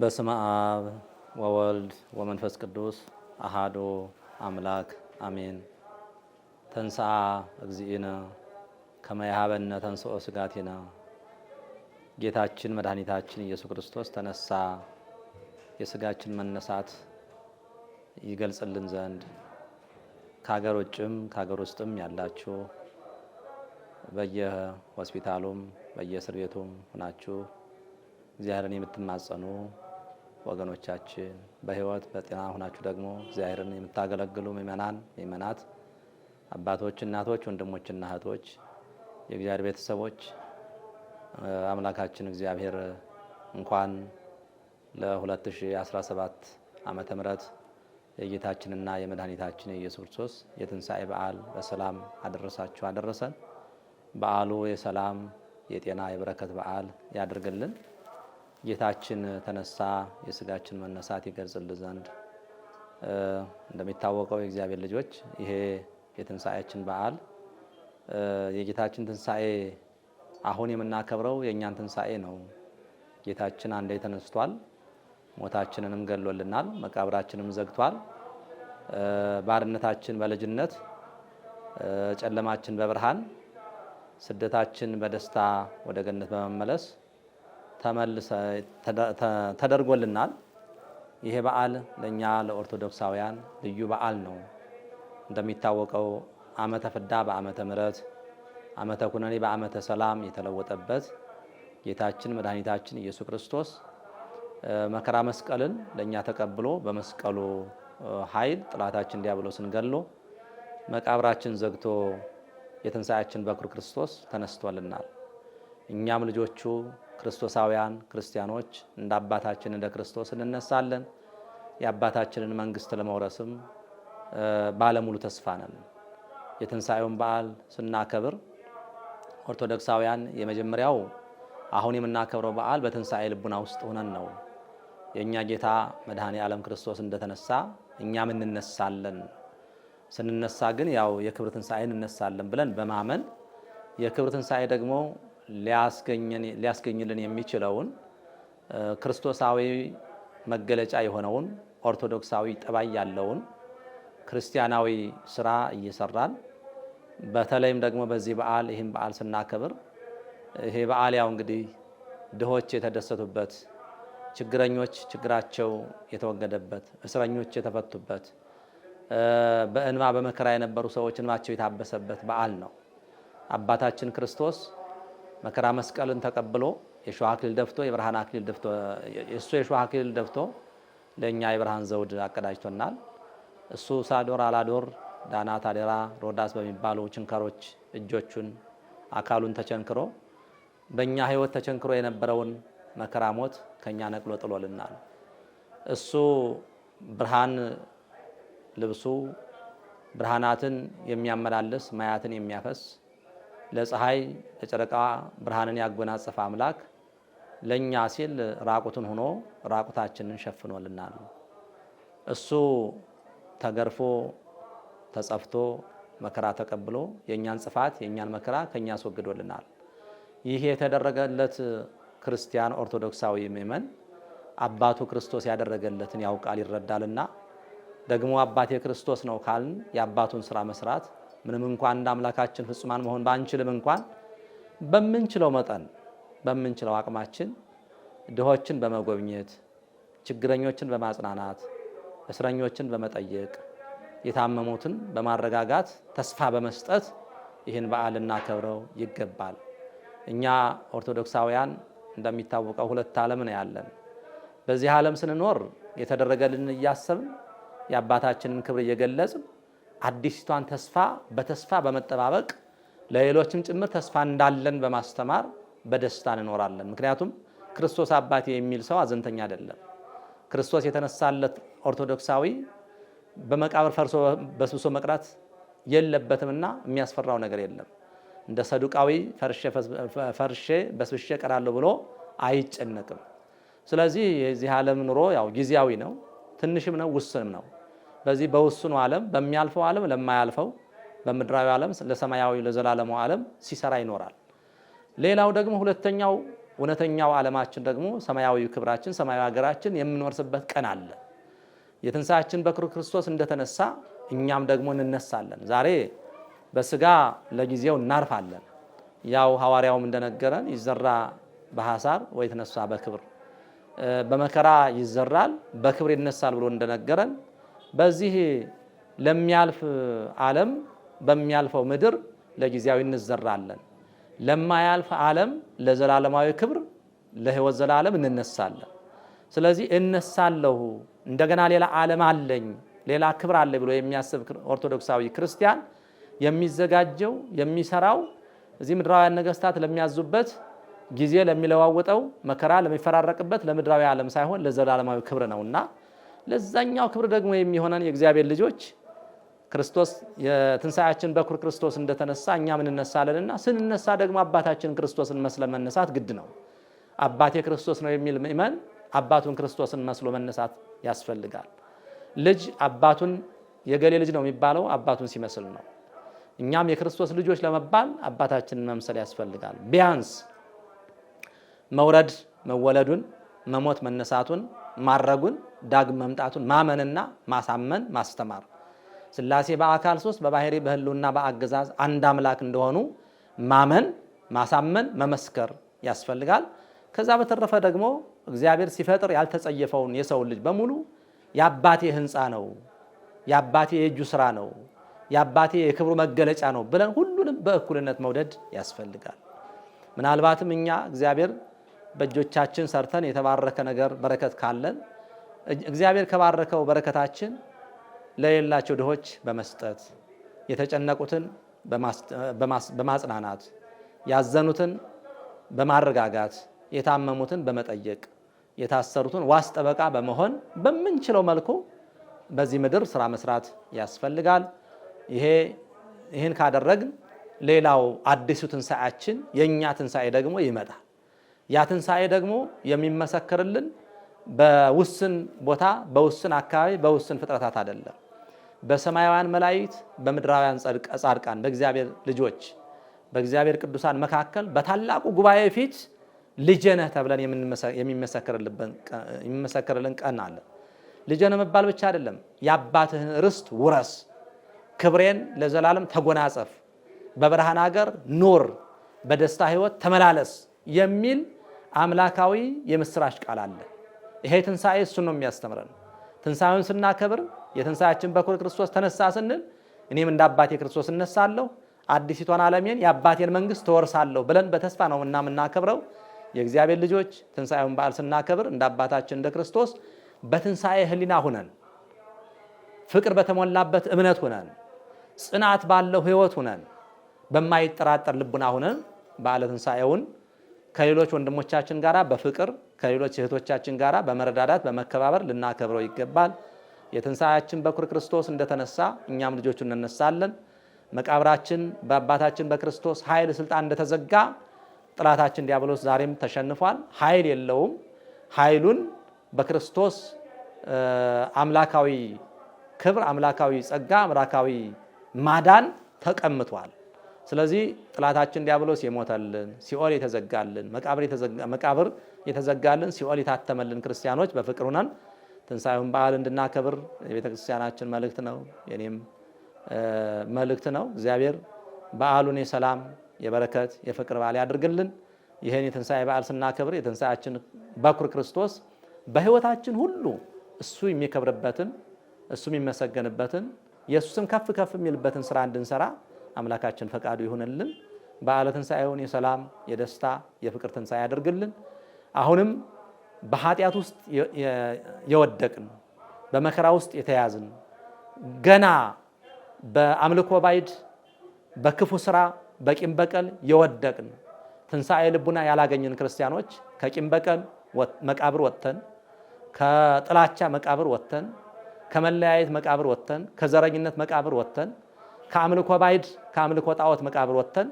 በስመ አብ ወወልድ ወመንፈስ ቅዱስ አሃዶ አምላክ አሜን። ተንሳአ እግዚእነ ከመ ይሃበነ ተንሥኦ ጌታችን መድኃኒታችን ኢየሱስ ክርስቶስ ተነሳ የስጋችን መነሳት ይገልጽልን ዘንድ ከሀገር ውጭም ከሀገር ውስጥም ያላችሁ በየሆስፒታሉም በየእስር ቤቱም ሆናችሁ እግዚአብሔርን የምትማጸኑ ወገኖቻችን በህይወት በጤና ሆናችሁ ደግሞ እግዚአብሔርን የምታገለግሉ ምእመናን፣ ምእመናት፣ አባቶች፣ እናቶች፣ ወንድሞችና እህቶች፣ የእግዚአብሔር ቤተሰቦች አምላካችን እግዚአብሔር እንኳን ለ2017 ዓመተ ምሕረት የጌታችንና የመድኃኒታችን የኢየሱስ ክርስቶስ የትንሣኤ በዓል በሰላም አደረሳችሁ አደረሰን። በዓሉ የሰላም የጤና የበረከት በዓል ያድርግልን። ጌታችን ተነሳ የስጋችን መነሳት ይገልጽል ዘንድ እንደሚታወቀው የእግዚአብሔር ልጆች ይሄ የትንሣኤያችን በዓል የጌታችን ትንሣኤ አሁን የምናከብረው የእኛን ትንሣኤ ነው። ጌታችን አንዴ ተነስቷል፣ ሞታችንንም ገሎልናል፣ መቃብራችንም ዘግቷል። ባርነታችን በልጅነት ጨለማችን በብርሃን ስደታችን በደስታ ወደ ገነት በመመለስ ተደርጎልናል። ይሄ በዓል ለእኛ ለኦርቶዶክሳውያን ልዩ በዓል ነው። እንደሚታወቀው ዓመተ ፍዳ በዓመተ ምሕረት፣ ዓመተ ኩነኔ በዓመተ ሰላም የተለወጠበት ጌታችን መድኃኒታችን ኢየሱስ ክርስቶስ መከራ መስቀልን ለእኛ ተቀብሎ በመስቀሉ ኃይል ጥላታችን ዲያብሎስን ገሎ መቃብራችን ዘግቶ የትንሣኤያችን በኩር ክርስቶስ ተነስቶልናል። እኛም ልጆቹ ክርስቶሳውያን ክርስቲያኖች እንደ አባታችን እንደ ክርስቶስ እንነሳለን። የአባታችንን መንግስት ለመውረስም ባለሙሉ ተስፋ ነን። የትንሣኤውን በዓል ስናከብር ኦርቶዶክሳውያን የመጀመሪያው አሁን የምናከብረው በዓል በትንሣኤ ልቡና ውስጥ ሆነን ነው። የእኛ ጌታ መድኃኔ ዓለም ክርስቶስ እንደተነሳ እኛም እንነሳለን። ስንነሳ ግን ያው የክብር ትንሣኤ እንነሳለን ብለን በማመን የክብር ትንሣኤ ደግሞ ሊያስገኝልን የሚችለውን ክርስቶሳዊ መገለጫ የሆነውን ኦርቶዶክሳዊ ጠባይ ያለውን ክርስቲያናዊ ስራ እየሰራን በተለይም ደግሞ በዚህ በዓል ይህን በዓል ስናከብር ይሄ በዓል ያው እንግዲህ ድሆች የተደሰቱበት፣ ችግረኞች ችግራቸው የተወገደበት፣ እስረኞች የተፈቱበት፣ በእንባ በመከራ የነበሩ ሰዎች እንባቸው የታበሰበት በዓል ነው። አባታችን ክርስቶስ መከራ መስቀልን ተቀብሎ የሸዋ አክሊል ደፍቶ የብርሃን አክሊል ደፍቶ እሱ የሸዋ አክሊል ደፍቶ ለእኛ የብርሃን ዘውድ አቀዳጅቶናል። እሱ ሳዶር አላዶር ዳናት ታዴራ ሮዳስ በሚባሉ ችንካሮች እጆቹን አካሉን ተቸንክሮ በእኛ ህይወት ተቸንክሮ የነበረውን መከራ ሞት ከእኛ ነቅሎ ጥሎልናል። እሱ ብርሃን ልብሱ ብርሃናትን የሚያመላልስ ማያትን የሚያፈስ ለፀሐይ ለጨረቃ ብርሃንን ያጎናጸፈ አምላክ ለእኛ ሲል ራቁትን ሆኖ ራቁታችንን ሸፍኖልናል። እሱ ተገርፎ ተጸፍቶ መከራ ተቀብሎ የእኛን ጽፋት የእኛን መከራ ከእኛ አስወግዶልናል። ይህ የተደረገለት ክርስቲያን ኦርቶዶክሳዊ ምእመን አባቱ ክርስቶስ ያደረገለትን ያውቃል ይረዳልና፣ ደግሞ አባቴ ክርስቶስ ነው ካልን የአባቱን ስራ መስራት ምንም እንኳን እንደ አምላካችን ፍጹማን መሆን ባንችልም እንኳን በምንችለው መጠን በምንችለው አቅማችን ድሆችን በመጎብኘት ችግረኞችን በማጽናናት እስረኞችን በመጠየቅ የታመሙትን በማረጋጋት ተስፋ በመስጠት ይህን በዓል እናከብረው ይገባል። እኛ ኦርቶዶክሳውያን እንደሚታወቀው ሁለት ዓለም ነው ያለን። በዚህ ዓለም ስንኖር የተደረገልን እያሰብን የአባታችንን ክብር እየገለጽን አዲስቷን ተስፋ በተስፋ በመጠባበቅ ለሌሎችም ጭምር ተስፋ እንዳለን በማስተማር በደስታ እንኖራለን። ምክንያቱም ክርስቶስ አባቴ የሚል ሰው አዘንተኛ አይደለም። ክርስቶስ የተነሳለት ኦርቶዶክሳዊ በመቃብር ፈርሶ በስብሶ መቅረት የለበትምና የሚያስፈራው ነገር የለም። እንደ ሰዱቃዊ ፈርሼ በስብሼ ቀራለሁ ብሎ አይጨነቅም። ስለዚህ የዚህ ዓለም ኑሮ ያው ጊዜያዊ ነው፣ ትንሽም ነው፣ ውስንም ነው። በዚህ በውሱኑ ዓለም በሚያልፈው ዓለም ለማያልፈው በምድራዊ ዓለም ለሰማያዊ ለዘላለሙ ዓለም ሲሰራ ይኖራል። ሌላው ደግሞ ሁለተኛው እውነተኛው ዓለማችን ደግሞ ሰማያዊ ክብራችን ሰማያዊ ሀገራችን የምንወርስበት ቀን አለ። የትንሣኤያችን ክርስቶስ እንደተነሳ እኛም ደግሞ እንነሳለን። ዛሬ በስጋ ለጊዜው እናርፋለን። ያው ሐዋርያውም እንደነገረን ይዘራ በሐሳር ተነሳ በክብር በመከራ ይዘራል በክብር ይነሳል ብሎ እንደነገረን በዚህ ለሚያልፍ ዓለም በሚያልፈው ምድር ለጊዜያዊ እንዘራለን፣ ለማያልፍ ዓለም ለዘላለማዊ ክብር ለህይወት ዘላለም እንነሳለን። ስለዚህ እነሳለሁ እንደገና ሌላ ዓለም አለኝ ሌላ ክብር አለ ብሎ የሚያስብ ኦርቶዶክሳዊ ክርስቲያን የሚዘጋጀው የሚሰራው እዚህ ምድራውያን ነገስታት ለሚያዙበት ጊዜ ለሚለዋውጠው መከራ ለሚፈራረቅበት ለምድራዊ ዓለም ሳይሆን ለዘላለማዊ ክብር ነውና ለዛኛው ክብር ደግሞ የሚሆነን የእግዚአብሔር ልጆች ክርስቶስ የትንሣኤያችን በኩር ክርስቶስ እንደተነሳ እኛም እና ስንነሳ ደግሞ አባታችን ክርስቶስን መስለን መነሳት ግድ ነው። አባቴ ክርስቶስ ነው የሚል ምእመን አባቱን ክርስቶስን መስሎ መነሳት ያስፈልጋል። ልጅ አባቱን የገሌ ልጅ ነው የሚባለው አባቱን ሲመስል ነው። እኛም የክርስቶስ ልጆች ለመባል አባታችንን መምሰል ያስፈልጋል። ቢያንስ መውረድ መወለዱን፣ መሞት መነሳቱን፣ ማረጉን ዳግም መምጣቱን ማመንና ማሳመን ማስተማር ስላሴ በአካል ሶስት በባህሪ በህልውና በአገዛዝ አንድ አምላክ እንደሆኑ ማመን ማሳመን መመስከር ያስፈልጋል። ከዛ በተረፈ ደግሞ እግዚአብሔር ሲፈጥር ያልተጸየፈውን የሰው ልጅ በሙሉ የአባቴ ህንፃ ነው፣ የአባቴ የእጁ ስራ ነው፣ የአባቴ የክብሩ መገለጫ ነው ብለን ሁሉንም በእኩልነት መውደድ ያስፈልጋል። ምናልባትም እኛ እግዚአብሔር በእጆቻችን ሰርተን የተባረከ ነገር በረከት ካለን እግዚአብሔር ከባረከው በረከታችን ለሌላቸው ድሆች በመስጠት የተጨነቁትን በማጽናናት ያዘኑትን በማረጋጋት የታመሙትን በመጠየቅ የታሰሩትን ዋስ ጠበቃ በመሆን በምንችለው መልኩ በዚህ ምድር ስራ መስራት ያስፈልጋል። ይሄ ይህን ካደረግን ሌላው አዲሱ ትንሣኤያችን የእኛ ትንሣኤ ደግሞ ይመጣል። ያ ትንሣኤ ደግሞ የሚመሰክርልን በውስን ቦታ በውስን አካባቢ በውስን ፍጥረታት አይደለም። በሰማያውያን መላእክት በምድራውያን ጻድቃን በእግዚአብሔር ልጆች በእግዚአብሔር ቅዱሳን መካከል በታላቁ ጉባኤ ፊት ልጄ ነህ ተብለን የሚመሰከርልን ቀን አለ። ልጄ ነህ መባል ብቻ አይደለም፣ የአባትህን ርስት ውረስ፣ ክብሬን ለዘላለም ተጎናጸፍ፣ በብርሃን ሀገር ኑር፣ በደስታ ህይወት ተመላለስ የሚል አምላካዊ የምስራች ቃል አለ። ይሄ ትንሣኤ እሱን ነው የሚያስተምረን። ትንሣኤውን ስናከብር የትንሣኤያችን በኩር ክርስቶስ ተነሳ ስንል እኔም እንደ አባቴ ክርስቶስ እነሳለሁ አዲሲቷን ዓለሜን የአባቴን መንግስት ተወርሳለሁ ብለን በተስፋ ነው እና የምናከብረው። የእግዚአብሔር ልጆች ትንሣኤውን በዓል ስናከብር እንደ አባታችን እንደ ክርስቶስ በትንሣኤ ህሊና ሁነን ፍቅር በተሞላበት እምነት ሁነን ጽናት ባለው ህይወት ሁነን በማይጠራጠር ልቡና ሁነን በዓለ ትንሣኤውን ከሌሎች ወንድሞቻችን ጋራ በፍቅር ከሌሎች እህቶቻችን ጋራ በመረዳዳት በመከባበር ልናከብረው ይገባል። የትንሣኤያችን በኩር ክርስቶስ እንደተነሳ እኛም ልጆቹ እንነሳለን። መቃብራችን በአባታችን በክርስቶስ ኃይል ስልጣን እንደተዘጋ ጥላታችን ዲያብሎስ ዛሬም ተሸንፏል። ኃይል የለውም። ኃይሉን በክርስቶስ አምላካዊ ክብር፣ አምላካዊ ጸጋ፣ አምላካዊ ማዳን ተቀምጧል። ስለዚህ ጥላታችን ዲያብሎስ የሞተልን፣ ሲኦል የተዘጋልን፣ መቃብር የተዘጋልን፣ ሲኦል የታተመልን ክርስቲያኖች በፍቅር ሁነን ትንሣኤውን በዓል እንድናከብር የቤተ ክርስቲያናችን መልእክት ነው፣ የኔም መልእክት ነው። እግዚአብሔር በዓሉን የሰላም የበረከት የፍቅር በዓል ያድርግልን። ይህን የትንሣኤ በዓል ስናከብር የትንሣኤያችን በኩር ክርስቶስ በሕይወታችን ሁሉ እሱ የሚከብርበትን እሱ የሚመሰገንበትን ስም ከፍ ከፍ የሚልበትን ስራ እንድንሰራ አምላካችን ፈቃዱ ይሁንልን። በዓለ ትንሣኤውን የሰላም የደስታ የፍቅር ትንሣኤ ያደርግልን። አሁንም በኃጢአት ውስጥ የወደቅን በመከራ ውስጥ የተያዝን ገና በአምልኮ ባይድ በክፉ ስራ በቂም በቀል የወደቅን ትንሣኤ ልቡና ያላገኘን ክርስቲያኖች ከቂም በቀል መቃብር ወጥተን ከጥላቻ መቃብር ወጥተን ከመለያየት መቃብር ወጥተን ከዘረኝነት መቃብር ወጥተን ከአምልኮ ባይድ ከአምልኮ ጣዖት መቃብር ወጥተን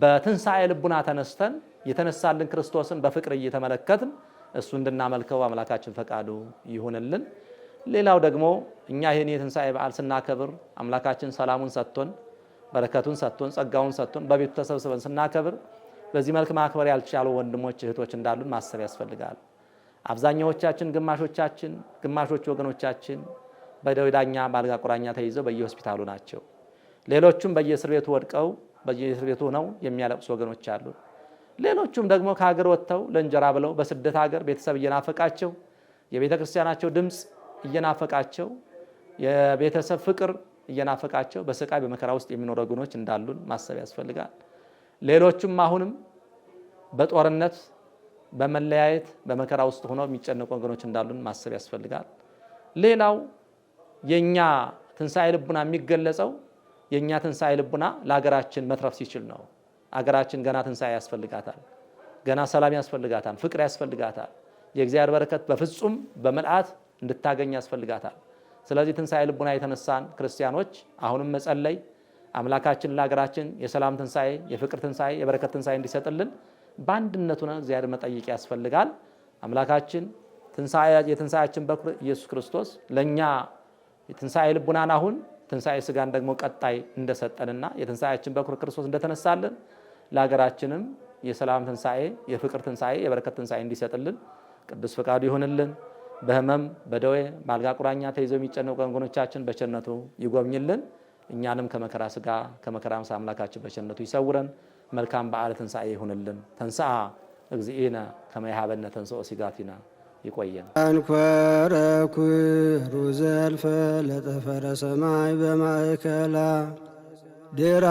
በትንሣኤ ልቡና ተነስተን የተነሳልን ክርስቶስን በፍቅር እየተመለከትን እሱ እንድናመልከው አምላካችን ፈቃዱ ይሁንልን። ሌላው ደግሞ እኛ ይህን የትንሣኤ በዓል ስናከብር አምላካችን ሰላሙን ሰጥቶን በረከቱን ሰጥቶን ጸጋውን ሰጥቶን በቤቱ ተሰብስበን ስናከብር በዚህ መልክ ማክበር ያልቻሉ ወንድሞች እህቶች እንዳሉን ማሰብ ያስፈልጋል። አብዛኛዎቻችን ግማሾቻችን ግማሾች ወገኖቻችን በደዌ ዳኛ በአልጋ ቁራኛ ተይዘው በየሆስፒታሉ ናቸው። ሌሎቹም በየእስር ቤቱ ወድቀው በየእስር ቤቱ ነው የሚያለቅሱ ወገኖች አሉ። ሌሎቹም ደግሞ ከሀገር ወጥተው ለእንጀራ ብለው በስደት ሀገር ቤተሰብ እየናፈቃቸው የቤተ ክርስቲያናቸው ድምፅ እየናፈቃቸው የቤተሰብ ፍቅር እየናፈቃቸው በስቃይ በመከራ ውስጥ የሚኖሩ ወገኖች እንዳሉን ማሰብ ያስፈልጋል። ሌሎቹም አሁንም በጦርነት በመለያየት በመከራ ውስጥ ሆነው የሚጨነቁ ወገኖች እንዳሉን ማሰብ ያስፈልጋል። ሌላው የእኛ ትንሣኤ ልቡና የሚገለጸው የእኛ ትንሣኤ ልቡና ለሀገራችን መትረፍ ሲችል ነው። አገራችን ገና ትንሣኤ ያስፈልጋታል። ገና ሰላም ያስፈልጋታል። ፍቅር ያስፈልጋታል። የእግዚአብሔር በረከት በፍጹም በመልአት እንድታገኝ ያስፈልጋታል። ስለዚህ ትንሣኤ ልቡና የተነሳን ክርስቲያኖች አሁንም መጸለይ አምላካችን ለሀገራችን የሰላም ትንሣኤ፣ የፍቅር ትንሣኤ፣ የበረከት ትንሣኤ እንዲሰጥልን በአንድነቱ ነው እግዚአብሔር መጠየቅ ያስፈልጋል። አምላካችን የትንሣኤያችን በኩር ኢየሱስ ክርስቶስ ለእኛ የትንሣኤ ልቡናን አሁን ትንሣኤ ስጋን ደግሞ ቀጣይ እንደሰጠንና የትንሣኤያችን በኩር ክርስቶስ እንደተነሳልን ለሀገራችንም የሰላም ትንሣኤ፣ የፍቅር ትንሣኤ፣ የበረከት ትንሣኤ እንዲሰጥልን ቅዱስ ፈቃዱ ይሆንልን። በህመም በደዌ በአልጋ ቁራኛ ተይዘው የሚጨነቁ ወገኖቻችን በቸነቱ ይጎብኝልን። እኛንም ከመከራ ስጋ ከመከራ ምሳ አምላካችን ይሰውረን። መልካም በዓለ ትንሣኤ ይሁንልን። ተንስአ እግዚእነ ከመ የሀበነ ተንሥኦ ይቆየን። አንኮረ ኩሩ ዘልፈለጠ ፈረሰማይ በማእከላ ድራ